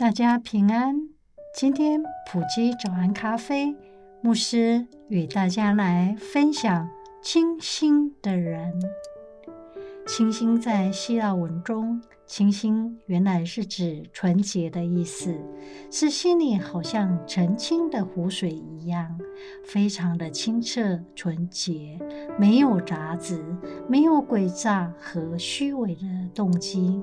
大家平安，今天埔基早安咖啡牧師與大家來分享“清心”的人。清心，在希臘文中，清心原來是指純潔的意思，是心裡好像澄清的湖水一樣，非常的清澈純潔，沒有雜質，沒有詭詐和虛偽的動機。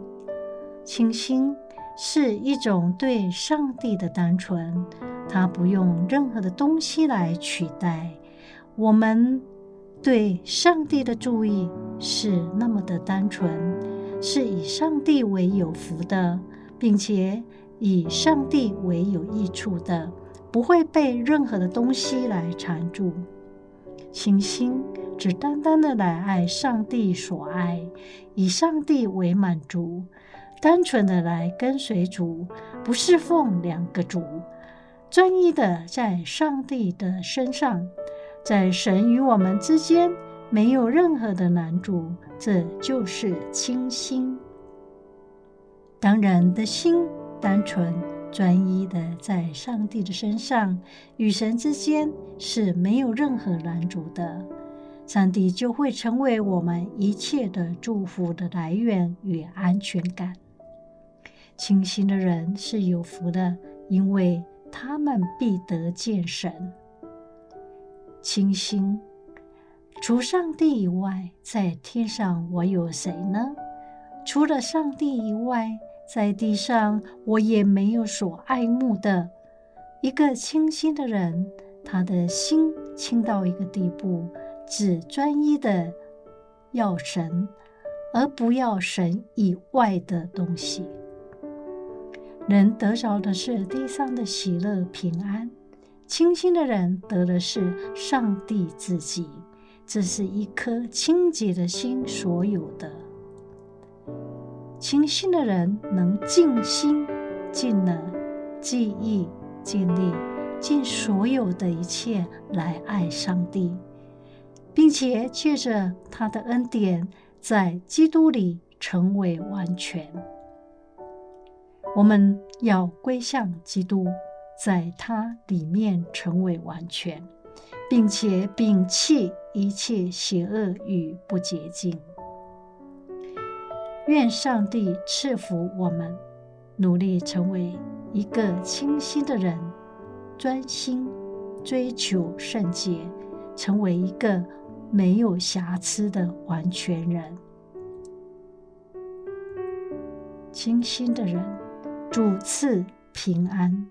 清心。是一種對上帝的單純，他不用任何的東西來取代。我們對上帝的注意是那麼的單純，是以上帝為有福的，並且以上帝為有益處的，不會被任何的東西來纏住。全心只單單的來愛上帝所愛，以上帝為滿足。單純的來跟隨主，不侍奉兩個主，專一的在上帝的身上，在神與我們之間沒有任何的攔阻，這就是清心。當人的心單純、專一的在上帝的身上，與神之間是沒有任何攔阻的，上帝就會成為我們一切的祝福的來源與安全感。清心的人是有福的，因為他們必得見神。清心，除上帝以外，在天上我有誰呢？除了上帝以外，在地上我也沒有所愛慕的。一個清心的人，他的心清到一個地步，只專一的要神，而不要神以外的東西。人得着的是地上的喜樂、平安，清心的人得的是上帝自己，這是一顆清潔的心所有的。清心的人能盡心、盡能、盡意、盡力、盡所有的一切來愛上帝，並且借着他的恩典，在基督裡成為完全。我們要歸向基督，在他裡面成為完全，並且摒棄一切邪惡與不潔淨。願上帝賜福我們，努力成為一個清心的人，專心追求聖潔，成為一個沒有瑕疵的完全人。清心的人。主賜平安。